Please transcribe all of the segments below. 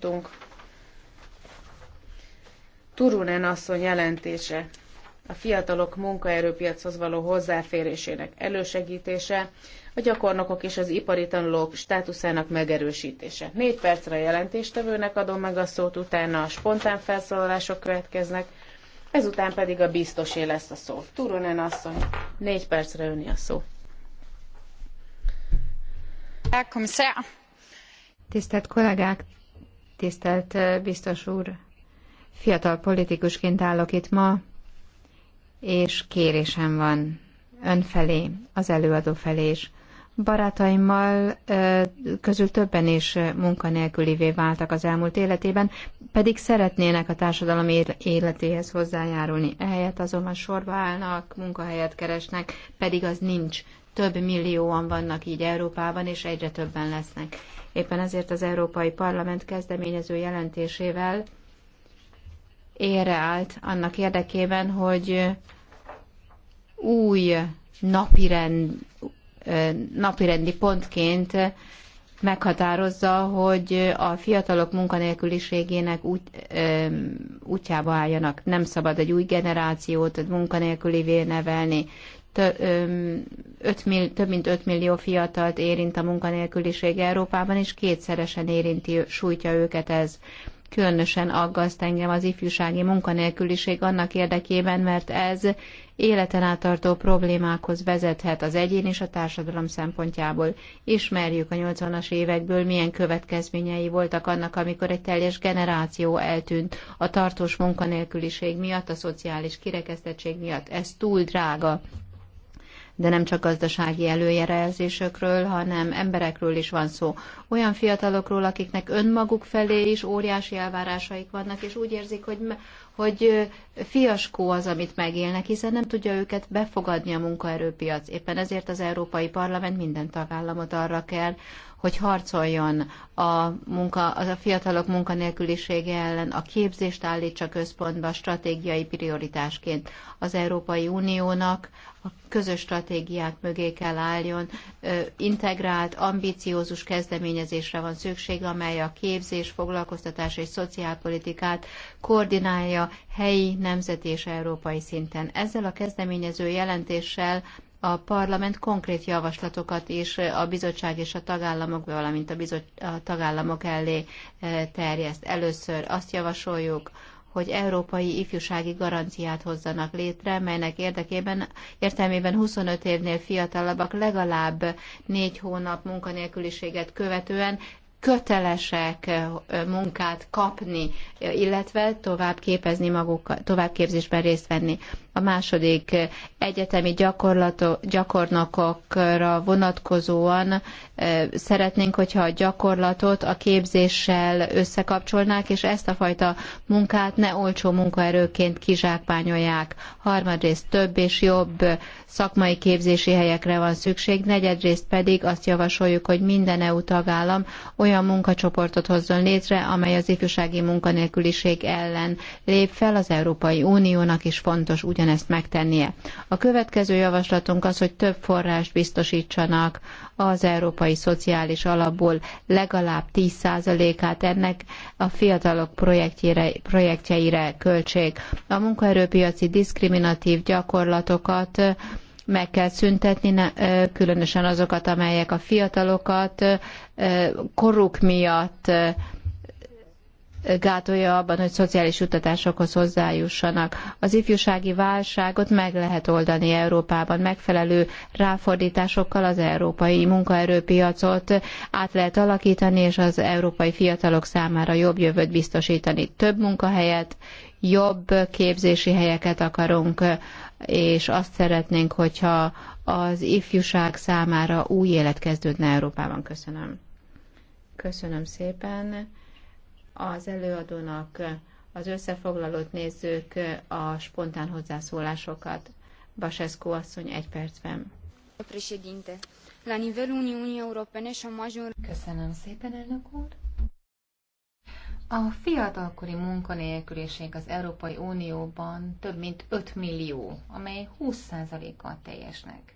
tudunk. Turunen asszony jelentése a fiatalok munkaerőpiachoz való hozzáférésének elősegítése, a gyakornokok és az ipari tanulók státuszának megerősítése. Négy percre a jelentéstevőnek adom meg a szót, utána a spontán felszólalások következnek, ezután pedig a biztosé lesz a szó. Turunen asszony, négy percre öni a szó. Tisztelt kollégák! Tisztelt eh, biztos úr, fiatal politikusként állok itt ma, és kérésem van ön felé, az előadó felé is. Barátaimmal eh, közül többen is eh, munkanélkülivé váltak az elmúlt életében, pedig szeretnének a társadalom életéhez hozzájárulni. Ehelyett azonban sorba állnak, munkahelyet keresnek, pedig az nincs több millióan vannak így Európában, és egyre többen lesznek. Éppen ezért az Európai Parlament kezdeményező jelentésével érreállt annak érdekében, hogy új napirend, napirendi pontként meghatározza, hogy a fiatalok munkanélküliségének út, ö, útjába álljanak. Nem szabad egy új generációt munkanélkülivé nevelni több mint 5 millió fiatalt érint a munkanélküliség Európában, és kétszeresen érinti, sújtja őket ez. Különösen aggaszt engem az ifjúsági munkanélküliség annak érdekében, mert ez életen átartó problémákhoz vezethet az egyén és a társadalom szempontjából. Ismerjük a 80-as évekből, milyen következményei voltak annak, amikor egy teljes generáció eltűnt a tartós munkanélküliség miatt, a szociális kirekesztettség miatt. Ez túl drága de nem csak gazdasági előjelzésekről, hanem emberekről is van szó. Olyan fiatalokról, akiknek önmaguk felé is óriási elvárásaik vannak, és úgy érzik, hogy, hogy fiaskó az, amit megélnek, hiszen nem tudja őket befogadni a munkaerőpiac. Éppen ezért az Európai Parlament minden tagállamot arra kell, hogy harcoljon a, munka, a fiatalok munkanélkülisége ellen, a képzést állítsa központba stratégiai prioritásként az Európai Uniónak, a közös stratégiák mögé kell álljon, integrált, ambiciózus kezdeményezésre van szükség, amely a képzés, foglalkoztatás és szociálpolitikát koordinálja helyi, nemzeti és európai szinten. Ezzel a kezdeményező jelentéssel a parlament konkrét javaslatokat is a bizottság és a tagállamok, valamint a, bizot- a tagállamok elé e, terjeszt. Először azt javasoljuk, hogy európai ifjúsági garanciát hozzanak létre, melynek érdekében értelmében 25 évnél fiatalabbak legalább négy hónap munkanélküliséget követően kötelesek e, munkát kapni, illetve tovább képezni magukat, továbbképzésben részt venni a második egyetemi gyakornokokra vonatkozóan szeretnénk, hogyha a gyakorlatot a képzéssel összekapcsolnák, és ezt a fajta munkát ne olcsó munkaerőként kizsákmányolják. Harmadrészt több és jobb szakmai képzési helyekre van szükség, negyedrészt pedig azt javasoljuk, hogy minden EU tagállam olyan munkacsoportot hozzon létre, amely az ifjúsági munkanélküliség ellen lép fel, az Európai Uniónak is fontos ugyanezt ezt megtennie. A következő javaslatunk az, hogy több forrást biztosítsanak az Európai Szociális Alapból legalább 10%-át ennek a fiatalok projektjére, projektjeire költség. A munkaerőpiaci diszkriminatív gyakorlatokat meg kell szüntetni, különösen azokat, amelyek a fiatalokat koruk miatt gátolja abban, hogy szociális juttatásokhoz hozzájussanak. Az ifjúsági válságot meg lehet oldani Európában megfelelő ráfordításokkal az európai munkaerőpiacot át lehet alakítani, és az európai fiatalok számára jobb jövőt biztosítani. Több munkahelyet, jobb képzési helyeket akarunk, és azt szeretnénk, hogyha az ifjúság számára új élet kezdődne Európában. Köszönöm. Köszönöm szépen az előadónak az összefoglalót nézzük, a spontán hozzászólásokat. Basescu asszony egy percben. La nivelul Uniunii Europene șomajul... Köszönöm szépen, elnök úr! A fiatalkori munkanélküliség az Európai Unióban több mint 5 millió, amely 20 kal teljesnek.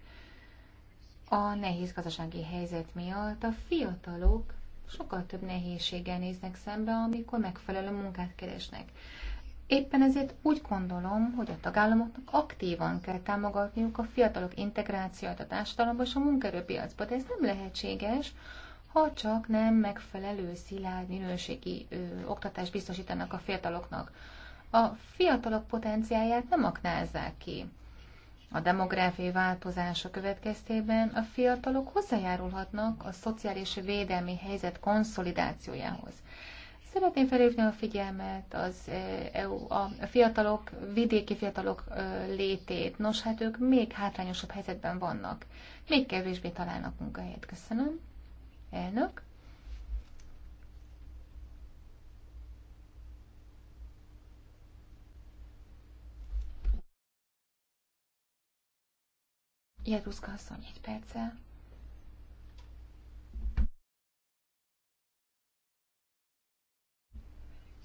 A nehéz gazdasági helyzet miatt a fiatalok sokkal több nehézséggel néznek szembe, amikor megfelelő munkát keresnek. Éppen ezért úgy gondolom, hogy a tagállamoknak aktívan kell támogatniuk a fiatalok integrációját a társadalomba és a munkerőpiacba, de ez nem lehetséges, ha csak nem megfelelő szilárd minőségi ö, oktatást biztosítanak a fiataloknak. A fiatalok potenciáját nem aknázzák ki a demográfiai változása következtében a fiatalok hozzájárulhatnak a szociális védelmi helyzet konszolidációjához. Szeretném felhívni a figyelmet az e, EU, a fiatalok, vidéki fiatalok e, létét. Nos, hát ők még hátrányosabb helyzetben vannak. Még kevésbé találnak munkahelyet. Köszönöm. Elnök. Jedruszka asszony egy perccel.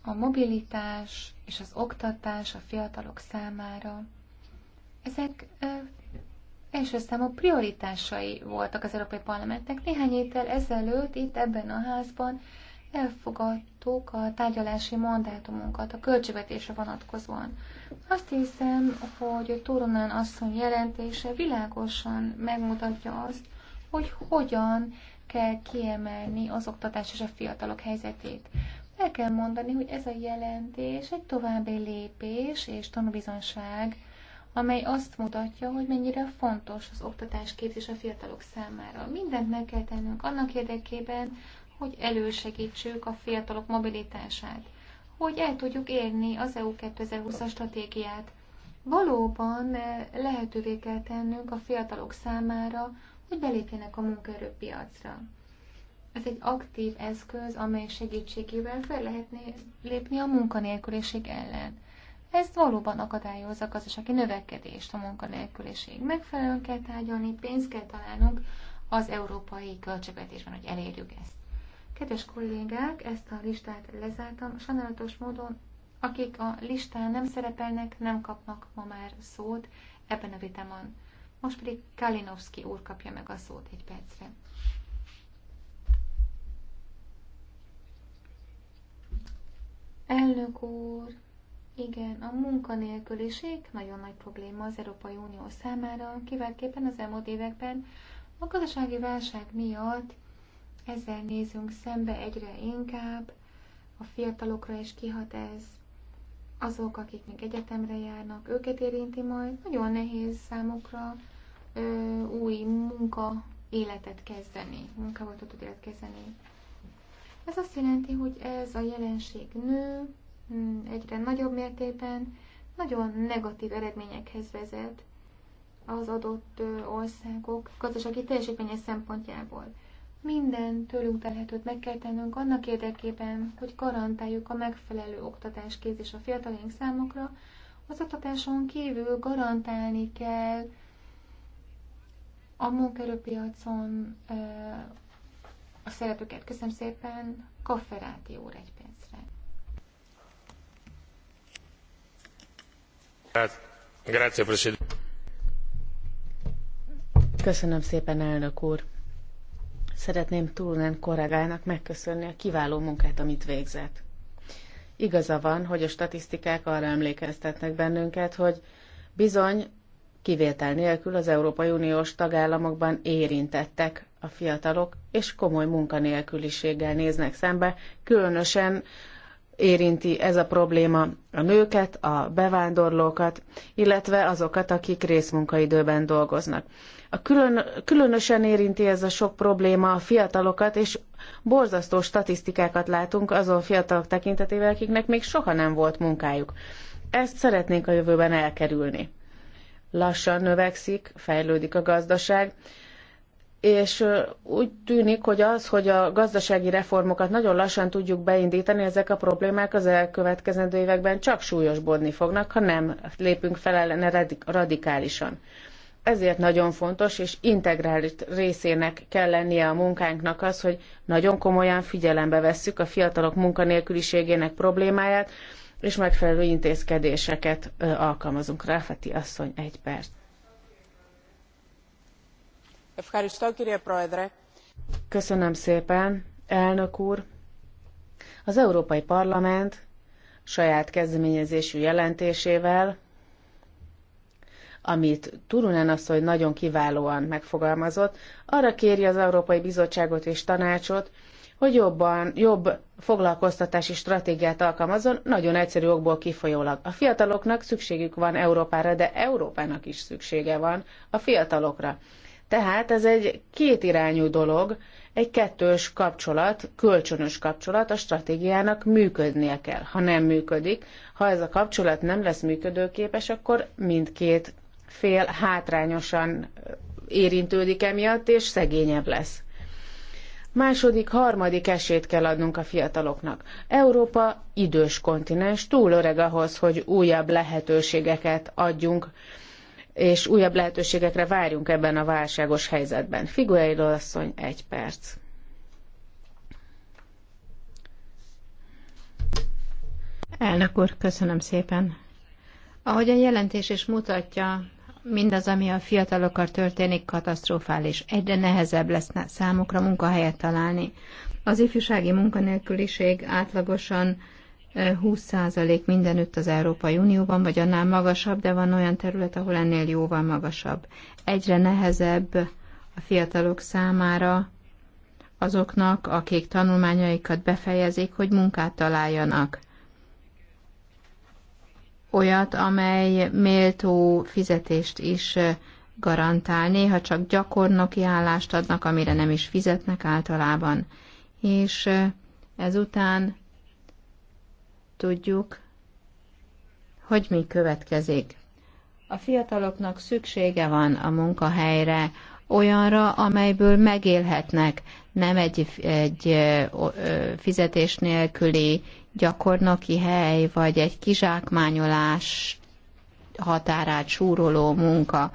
A mobilitás és az oktatás a fiatalok számára, ezek ö, első számú prioritásai voltak az Európai Parlamentnek. Néhány héttel ezelőtt itt ebben a házban elfogadtuk a tárgyalási mandátumunkat a költségvetésre vonatkozóan. Azt hiszem, hogy Turunen asszony jelentése világosan megmutatja azt, hogy hogyan kell kiemelni az oktatás és a fiatalok helyzetét. El kell mondani, hogy ez a jelentés egy további lépés és tanúbizonság, amely azt mutatja, hogy mennyire fontos az oktatás képzés a fiatalok számára. Mindent meg kell tennünk annak érdekében, hogy elősegítsük a fiatalok mobilitását, hogy el tudjuk érni az EU 2020-as stratégiát. Valóban eh, lehetővé kell tennünk a fiatalok számára, hogy belépjenek a munkaerőpiacra. Ez egy aktív eszköz, amely segítségével fel lehetné lépni a munkanélküliség ellen. Ez valóban akadályozza a gazdasági növekedést, a munkanélküliség. Megfelelően kell tárgyalni, pénzt kell találnunk az európai költségvetésben, hogy elérjük ezt. Kedves kollégák, ezt a listát lezártam. Sajnálatos módon, akik a listán nem szerepelnek, nem kapnak ma már szót ebben a vitamon. Most pedig Kalinowski úr kapja meg a szót egy percre. Elnök úr, igen, a munkanélküliség nagyon nagy probléma az Európai Unió számára, kiváltképpen az elmúlt években a gazdasági válság miatt ezzel nézünk szembe egyre inkább, a fiatalokra is kihat ez, azok, akik még egyetemre járnak, őket érinti majd, nagyon nehéz számukra ö, új munka életet kezdeni, munkával tudod élet kezdeni. Ez azt jelenti, hogy ez a jelenség nő, mm, egyre nagyobb mértékben, nagyon negatív eredményekhez vezet az adott országok gazdasági teljesítménye szempontjából. Minden tőlünk telhetőt meg kell tennünk annak érdekében, hogy garantáljuk a megfelelő oktatás képzés a fiataljaink számokra. Az oktatáson kívül garantálni kell a munkerőpiacon a szeretőket. Köszönöm szépen, kafferáti óra egy pénzre. Hát, Köszönöm szépen, elnök úr. Szeretném Turunen korregának megköszönni a kiváló munkát, amit végzett. Igaza van, hogy a statisztikák arra emlékeztetnek bennünket, hogy bizony kivétel nélkül az Európai Uniós tagállamokban érintettek a fiatalok, és komoly munkanélküliséggel néznek szembe, különösen érinti ez a probléma a nőket, a bevándorlókat, illetve azokat, akik részmunkaidőben dolgoznak. A külön, különösen érinti ez a sok probléma a fiatalokat, és borzasztó statisztikákat látunk azon fiatalok tekintetében, akiknek még soha nem volt munkájuk. Ezt szeretnénk a jövőben elkerülni. Lassan növekszik, fejlődik a gazdaság, és úgy tűnik, hogy az, hogy a gazdasági reformokat nagyon lassan tudjuk beindítani, ezek a problémák az elkövetkezendő években csak súlyosbodni fognak, ha nem lépünk fel ellene radikálisan. Ezért nagyon fontos és integrális részének kell lennie a munkánknak az, hogy nagyon komolyan figyelembe vesszük a fiatalok munkanélküliségének problémáját, és megfelelő intézkedéseket alkalmazunk. Ráfeti asszony, egy perc. Köszönöm szépen, úr. Az Európai Parlament saját kezdeményezésű jelentésével, amit Turunen asszony nagyon kiválóan megfogalmazott, arra kéri az Európai Bizottságot és Tanácsot, hogy jobban, jobb foglalkoztatási stratégiát alkalmazzon, nagyon egyszerű okból kifolyólag. A fiataloknak szükségük van Európára, de Európának is szüksége van a fiatalokra. Tehát ez egy kétirányú dolog, egy kettős kapcsolat, kölcsönös kapcsolat, a stratégiának működnie kell. Ha nem működik, ha ez a kapcsolat nem lesz működőképes, akkor mindkét fél hátrányosan érintődik emiatt, és szegényebb lesz. Második, harmadik esélyt kell adnunk a fiataloknak. Európa idős kontinens, túl öreg ahhoz, hogy újabb lehetőségeket adjunk és újabb lehetőségekre várjunk ebben a válságos helyzetben. Figueiredo asszony, egy perc. Elnök úr, köszönöm szépen. Ahogy a jelentés is mutatja, mindaz, ami a fiatalokkal történik, katasztrofális. Egyre nehezebb lesz számukra munkahelyet találni. Az ifjúsági munkanélküliség átlagosan 20% mindenütt az Európai Unióban, vagy annál magasabb, de van olyan terület, ahol ennél jóval magasabb. Egyre nehezebb a fiatalok számára azoknak, akik tanulmányaikat befejezik, hogy munkát találjanak. Olyat, amely méltó fizetést is garantál. Néha csak gyakornoki állást adnak, amire nem is fizetnek általában. És ezután tudjuk, hogy mi következik. A fiataloknak szüksége van a munkahelyre, olyanra, amelyből megélhetnek, nem egy, egy fizetés nélküli gyakornoki hely, vagy egy kizsákmányolás határát súroló munka.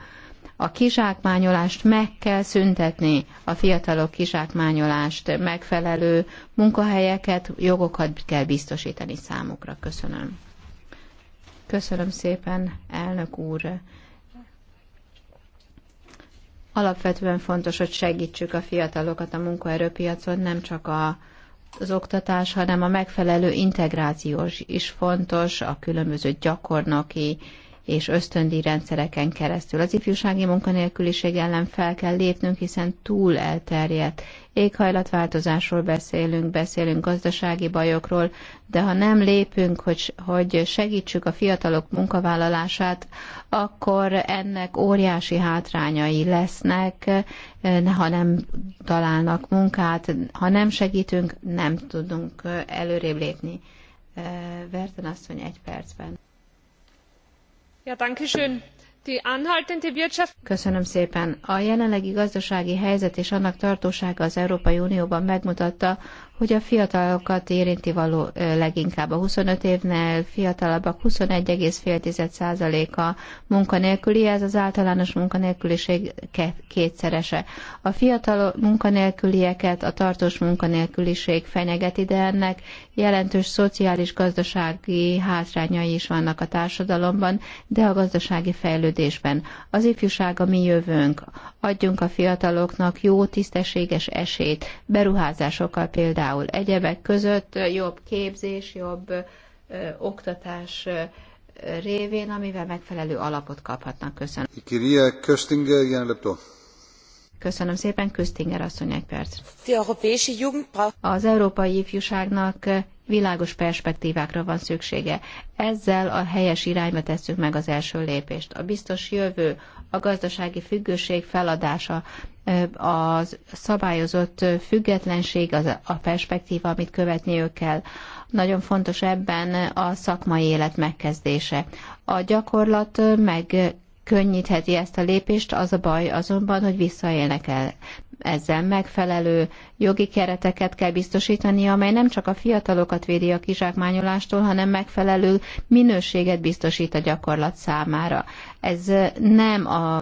A kizsákmányolást meg kell szüntetni, a fiatalok kizsákmányolást, megfelelő munkahelyeket, jogokat kell biztosítani számukra. Köszönöm. Köszönöm szépen, elnök úr. Alapvetően fontos, hogy segítsük a fiatalokat a munkaerőpiacon, nem csak a, az oktatás, hanem a megfelelő integrációs is fontos, a különböző gyakornoki és ösztöndi rendszereken keresztül. Az ifjúsági munkanélküliség ellen fel kell lépnünk, hiszen túl elterjedt. Éghajlatváltozásról beszélünk, beszélünk gazdasági bajokról, de ha nem lépünk, hogy, hogy segítsük a fiatalok munkavállalását, akkor ennek óriási hátrányai lesznek, eh, ha nem találnak munkát, ha nem segítünk, nem tudunk eh, előrébb lépni. Eh, Verten asszony egy percben. Köszönöm szépen. A jelenlegi gazdasági helyzet és annak tartósága az Európai Unióban megmutatta, hogy a fiatalokat érinti való leginkább a 25 évnél fiatalabbak 21,5%-a munkanélküli, ez az általános munkanélküliség kétszerese. A fiatal munkanélkülieket a tartós munkanélküliség fenyegeti, de ennek jelentős szociális-gazdasági hátrányai is vannak a társadalomban, de a gazdasági fejlődésben. Az ifjúság a mi jövőnk. Adjunk a fiataloknak jó, tisztességes esélyt, beruházásokkal például például egyebek között jobb képzés, jobb ö, oktatás ö, révén, amivel megfelelő alapot kaphatnak. Köszönöm. Köszönöm szépen, Köstinger asszony egy perc. Az európai ifjúságnak világos perspektívákra van szüksége. Ezzel a helyes irányba tesszük meg az első lépést. A biztos jövő, a gazdasági függőség feladása, a szabályozott függetlenség, az a perspektíva, amit ők kell. Nagyon fontos ebben a szakmai élet megkezdése. A gyakorlat meg könnyítheti ezt a lépést, az a baj azonban, hogy visszaélnek el ezzel megfelelő jogi kereteket kell biztosítani, amely nem csak a fiatalokat védi a kizsákmányolástól, hanem megfelelő minőséget biztosít a gyakorlat számára. Ez nem a,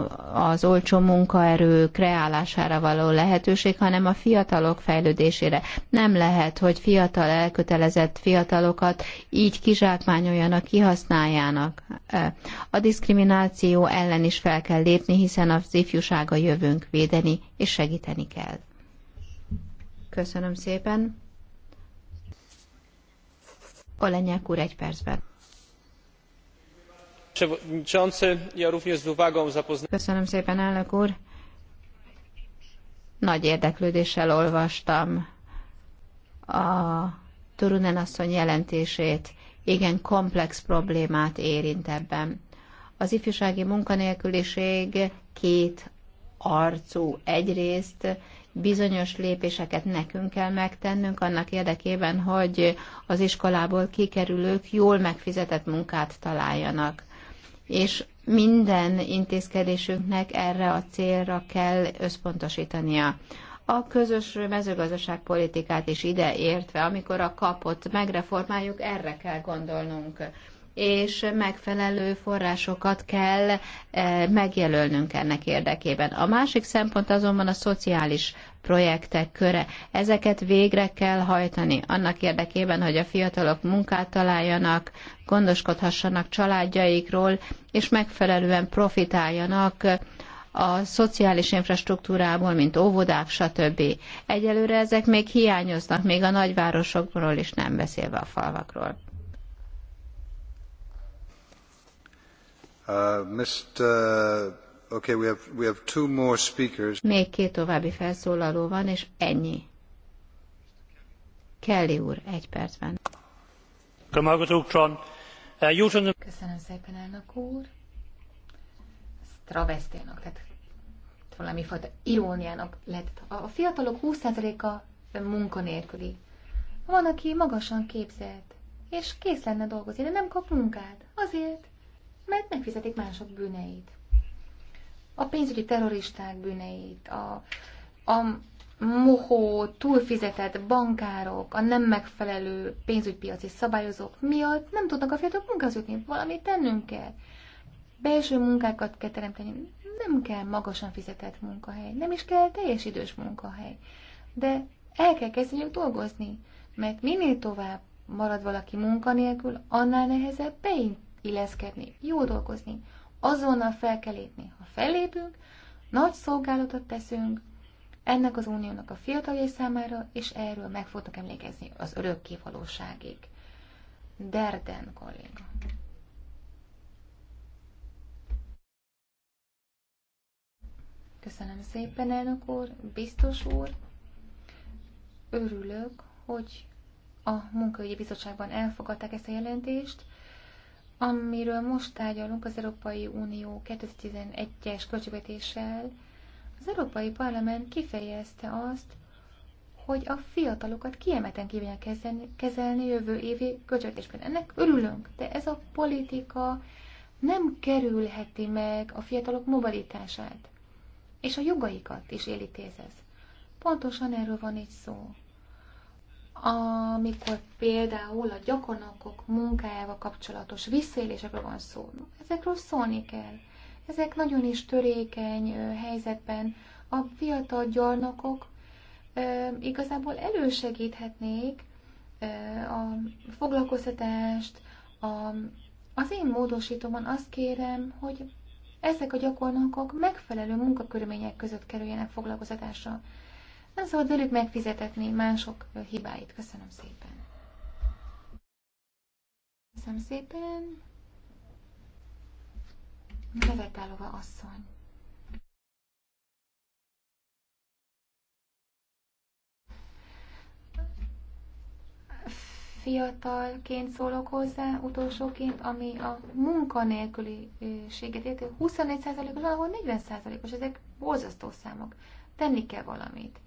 az olcsó munkaerő kreálására való lehetőség, hanem a fiatalok fejlődésére. Nem lehet, hogy fiatal elkötelezett fiatalokat így kizsákmányoljanak, kihasználjának. A diszkrimináció ellen is fel kell lépni, hiszen az ifjúsága a jövőnk védeni és segíteni kell. Köszönöm szépen. Olenyák úr egy percben. Köszönöm szépen, elnök úr. Nagy érdeklődéssel olvastam a Turunen asszony jelentését. Igen, komplex problémát érint ebben. Az ifjúsági munkanélküliség két arcú egyrészt, bizonyos lépéseket nekünk kell megtennünk annak érdekében, hogy az iskolából kikerülők jól megfizetett munkát találjanak. És minden intézkedésünknek erre a célra kell összpontosítania. A közös mezőgazdaságpolitikát is ide értve, amikor a kapot megreformáljuk, erre kell gondolnunk és megfelelő forrásokat kell e, megjelölnünk ennek érdekében. A másik szempont azonban a szociális projektek köre. Ezeket végre kell hajtani annak érdekében, hogy a fiatalok munkát találjanak, gondoskodhassanak családjaikról, és megfelelően profitáljanak a szociális infrastruktúrából, mint óvodák, stb. Egyelőre ezek még hiányoznak, még a nagyvárosokról is nem beszélve a falvakról. Még két további felszólaló van, és ennyi. Kelly úr, egy percben. Köszönöm szépen, elnök úr. Ez travestiának, tehát valami fajta iróniának lett. A fiatalok 20%-a munkanélküli. Van, aki magasan képzett, és kész lenne dolgozni, de nem kap munkát. Azért, mert megfizetik mások bűneit. A pénzügyi terroristák bűneit, a, a mohó, túlfizetett bankárok, a nem megfelelő pénzügypiaci szabályozók miatt nem tudnak a fiatalok munkához jutni. Valamit tennünk kell. Belső munkákat kell teremteni. Nem kell magasan fizetett munkahely, nem is kell teljes idős munkahely. De el kell kezdeni dolgozni, mert minél tovább marad valaki munkanélkül, annál nehezebb illeszkedni, jó dolgozni. Azonnal fel kell lépni. Ha fellépünk, nagy szolgálatot teszünk ennek az uniónak a fiataljai számára, és erről meg fognak emlékezni az örökké valóságig. Derden kolléga. Köszönöm szépen, elnök úr, biztos úr. Örülök, hogy a munkaügyi bizottságban elfogadták ezt a jelentést. Amiről most tárgyalunk az Európai Unió 2011-es költségvetéssel, az Európai Parlament kifejezte azt, hogy a fiatalokat kiemelten kívánja kezelni, kezelni jövő évi költségvetésben. Ennek örülünk, de ez a politika nem kerülheti meg a fiatalok mobilitását, és a jogaikat is élítéz ez. Pontosan erről van itt szó amikor például a gyakornokok munkájával kapcsolatos visszaélésekről van szó. Ezekről szólni kell. Ezek nagyon is törékeny helyzetben a fiatal gyarnokok igazából elősegíthetnék a foglalkoztatást. A, az én módosítóban azt kérem, hogy ezek a gyakornokok megfelelő munkakörülmények között kerüljenek foglalkoztatásra. Nem szabad velük megfizetetni mások hibáit. Köszönöm szépen. Köszönöm szépen. Levetálova asszony. fiatalként szólok hozzá, utolsóként, ami a munkanélküliséget érti, 24%-os, ahol 40%-os, ezek borzasztó számok. Tenni kell valamit.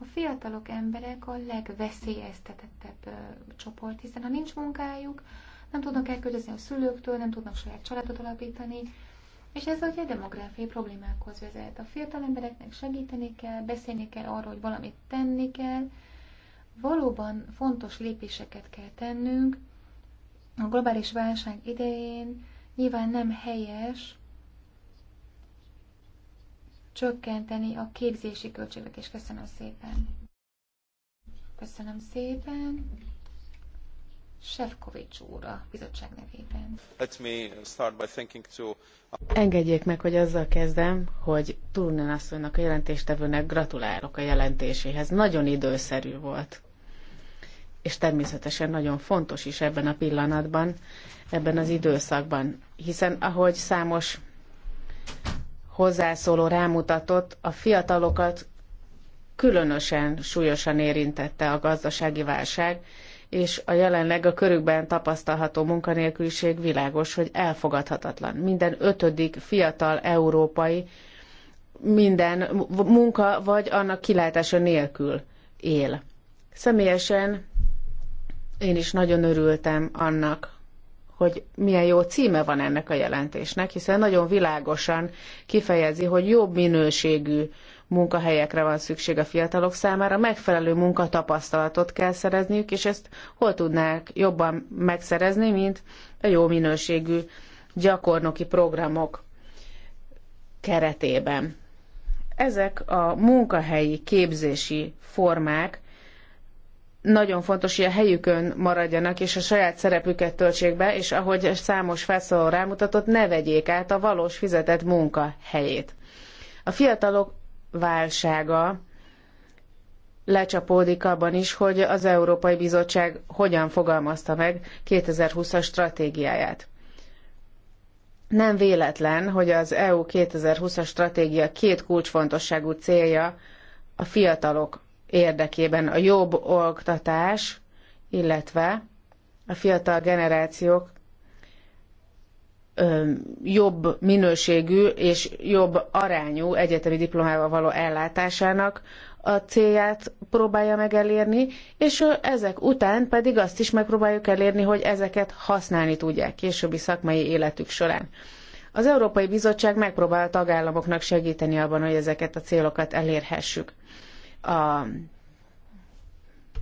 A fiatalok emberek a legveszélyeztetettebb csoport, hiszen ha nincs munkájuk, nem tudnak elköltözni a szülőktől, nem tudnak saját családot alapítani, és ez ugye demográfiai problémákhoz vezet. A fiatal embereknek segíteni kell, beszélni kell arról, hogy valamit tenni kell, valóban fontos lépéseket kell tennünk. A globális válság idején nyilván nem helyes csökkenteni a képzési költségek és köszönöm szépen. Köszönöm szépen. Sefkovics úr a bizottság nevében. Let me start by thinking to... Engedjék meg, hogy azzal kezdem, hogy Turunen asszonynak a jelentéstevőnek gratulálok a jelentéséhez. Nagyon időszerű volt. És természetesen nagyon fontos is ebben a pillanatban, ebben az időszakban. Hiszen ahogy számos hozzászóló rámutatott, a fiatalokat különösen súlyosan érintette a gazdasági válság, és a jelenleg a körükben tapasztalható munkanélküliség világos, hogy elfogadhatatlan. Minden ötödik fiatal európai minden munka vagy annak kilátása nélkül él. Személyesen én is nagyon örültem annak, hogy milyen jó címe van ennek a jelentésnek, hiszen nagyon világosan kifejezi, hogy jobb minőségű munkahelyekre van szükség a fiatalok számára, megfelelő munkatapasztalatot kell szerezniük, és ezt hol tudnák jobban megszerezni, mint a jó minőségű gyakornoki programok keretében. Ezek a munkahelyi képzési formák nagyon fontos, hogy a helyükön maradjanak, és a saját szerepüket töltsék be, és ahogy számos felszólaló rámutatott, ne vegyék át a valós fizetett munka helyét. A fiatalok válsága lecsapódik abban is, hogy az Európai Bizottság hogyan fogalmazta meg 2020-as stratégiáját. Nem véletlen, hogy az EU 2020-as stratégia két kulcsfontosságú célja a fiatalok érdekében a jobb oktatás, illetve a fiatal generációk jobb minőségű és jobb arányú egyetemi diplomával való ellátásának a célját próbálja meg elérni, és ezek után pedig azt is megpróbáljuk elérni, hogy ezeket használni tudják későbbi szakmai életük során. Az Európai Bizottság megpróbál a tagállamoknak segíteni abban, hogy ezeket a célokat elérhessük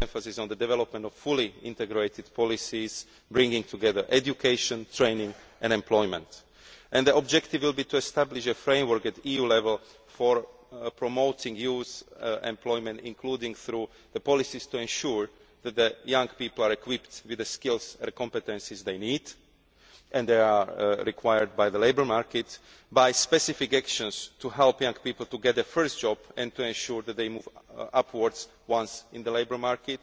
emphasis on the development of fully integrated policies bringing together education training and employment and the objective will be to establish a framework at eu level for uh, promoting youth uh, employment including through the policies to ensure that young people are equipped with the skills and competences they need; and they are uh, required by the labour market by specific actions to help young people to get their first job and to ensure that they move uh, upwards once in the labour market.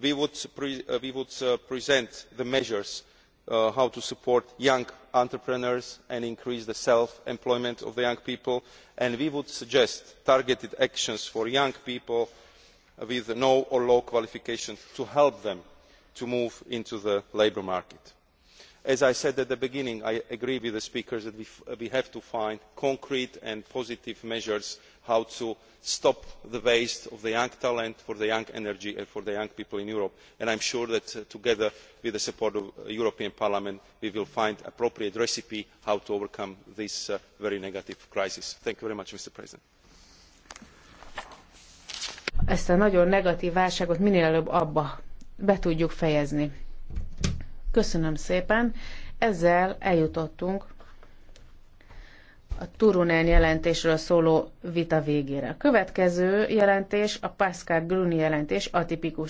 we would uh, present the measures on how to support young entrepreneurs and increase the self employment of young people and we would suggest targeted actions for young people with no or low qualifications to help them to move into the labour market as i said at the beginning i agree with the speakers that we have to find concrete and positive measures on how to stop the waste of young talent for young energy and for young people in europe and i am sure that uh, together with the support of the uh, european parliament we will find an appropriate recipe on how to overcome this uh, very negative crisis. thank you very much mr president. ezt a nagyon negatv válságot minél előbb abba be tudjuk fejezni. Köszönöm szépen. Ezzel eljutottunk a Turunen jelentésről szóló vita végére. A következő jelentés a Pascal Gruni jelentés atipikus